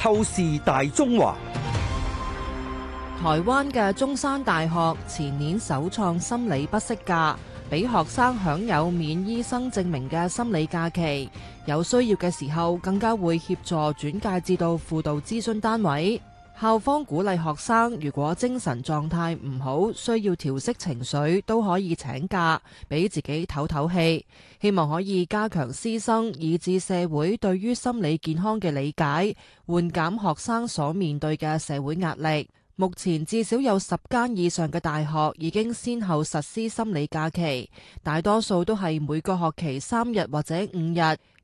透視大中華，台灣嘅中山大學前年首創心理不適假，俾學生享有免醫生證明嘅心理假期，有需要嘅時候更加會協助轉介至到輔導諮詢單位。校方鼓勵學生，如果精神狀態唔好，需要調適情緒，都可以請假，俾自己唞唞氣。希望可以加強師生以至社會對於心理健康嘅理解，緩減學生所面對嘅社會壓力。目前至少有十間以上嘅大學已經先後實施心理假期，大多數都係每個學期三日或者五日。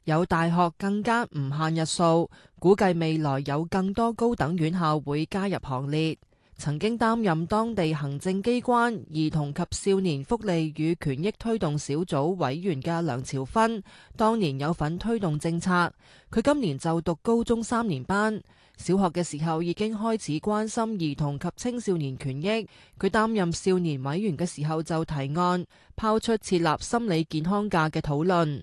有大學更加唔限日數，估計未來有更多高等院校會加入行列。曾經擔任當地行政機關兒童及少年福利與權益推動小組委員嘅梁朝芬，當年有份推動政策，佢今年就讀高中三年班。小學嘅時候已經開始關心兒童及青少年權益，佢擔任少年委員嘅時候就提案，拋出設立心理健康假嘅討論。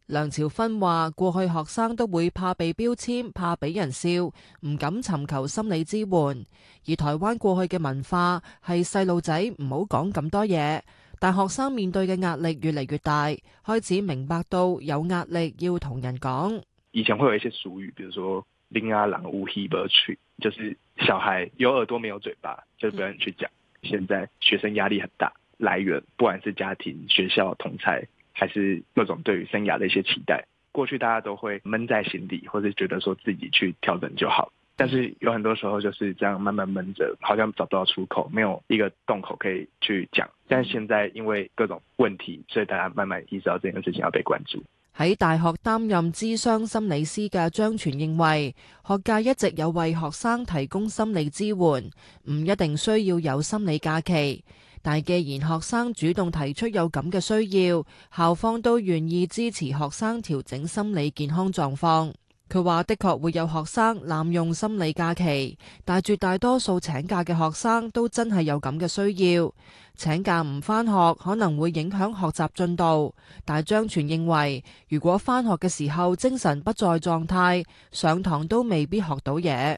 梁朝芬話：過去學生都會怕被標籤，怕俾人笑，唔敢尋求心理支援。而台灣過去嘅文化係細路仔唔好講咁多嘢，但學生面對嘅壓力越嚟越大，開始明白到有壓力要同人講。以前會有一些俗語，比如說囡仔人有耳無喙，就是小孩有耳朵沒有嘴巴，就不要人去講。現在學生壓力很大，來源不管是家庭、學校、同儕還是各種對於生涯的一些期待，過去大家都會悶在心底，或者覺得說自己去調整就好。但是有很多時候就是這樣慢慢悶着，好像找不到出口，沒有一個洞口可以去講。但現在因為各種問題，所以大家慢慢意識到這件事情要被關注。喺大學擔任諮商心理師嘅張全認為，學界一直有為學生提供心理支援，唔一定需要有心理假期。但既然學生主動提出有咁嘅需要，校方都願意支持學生調整心理健康狀況。佢話的確會有學生濫用心理假期，但絕大多數請假嘅學生都真係有咁嘅需要。請假唔返學可能會影響學習進度，但張全認為如果返學嘅時候精神不在狀態，上堂都未必學到嘢。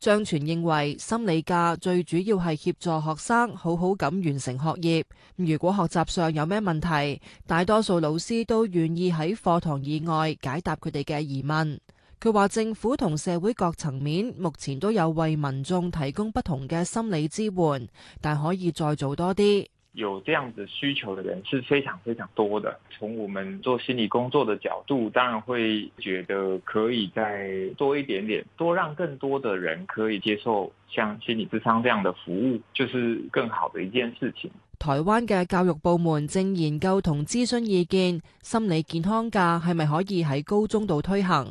張全認為，心理假最主要係協助學生好好咁完成學業。如果學習上有咩問題，大多數老師都願意喺課堂以外解答佢哋嘅疑問。佢話政府同社會各層面目前都有為民眾提供不同嘅心理支援，但可以再做多啲。有這樣子需求的人是非常非常多的。從我們做心理工作的角度，當然會覺得可以再多一點點，多讓更多的人可以接受像心理諮商這樣的服務，就是更好的一件事情。台灣嘅教育部門正研究同諮詢意見，心理健康假係咪可以喺高中度推行？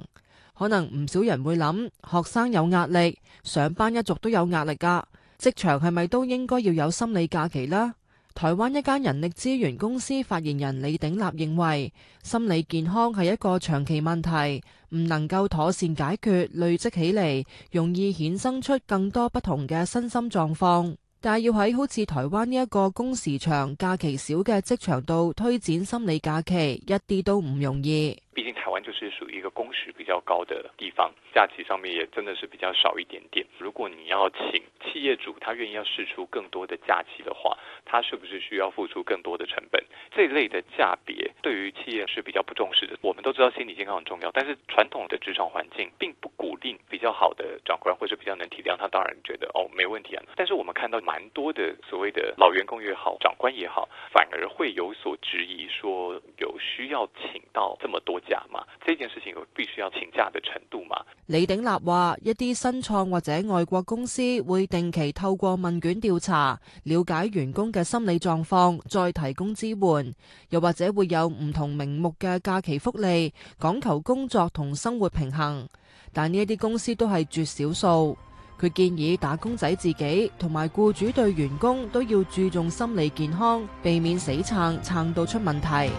可能唔少人會諗，學生有壓力，上班一族都有壓力噶，職場係咪都應該要有心理假期呢？台灣一間人力資源公司發言人李鼎立認為，心理健康係一個長期問題，唔能夠妥善解決，累積起嚟，容易衍生出更多不同嘅身心狀況。但係要喺好似台灣呢一個工時長、假期少嘅職場度推展心理假期，一啲都唔容易。畢竟台灣就是屬於一個工時比較高的地方，假期上面也真的是比較少一點點。如果你要請企業主，他願意要釋出更多的假期的話，他是不是需要付出更多的成本？這一類的價別對於企業是比較不重視的。我們都知道心理健康很重要，但是傳統的職場環境並不。定比較好的長官或者比較能體諒，他當然覺得哦，沒問題啊。但是我們看到蠻多的所謂的老員工也好，長官也好，反而會有所質疑，說有需要請到這麼多假嗎？這件事情有必須要請假的程度嗎？李鼎立話：一啲新創或者外國公司會定期透過問卷調查了解員工嘅心理狀況，再提供支援，又或者會有唔同名目嘅假期福利，講求工作同生活平衡。但呢一啲公司都係絕少數。佢建議，打工仔自己同埋僱主對員工都要注重心理健康，避免死撐撐到出問題。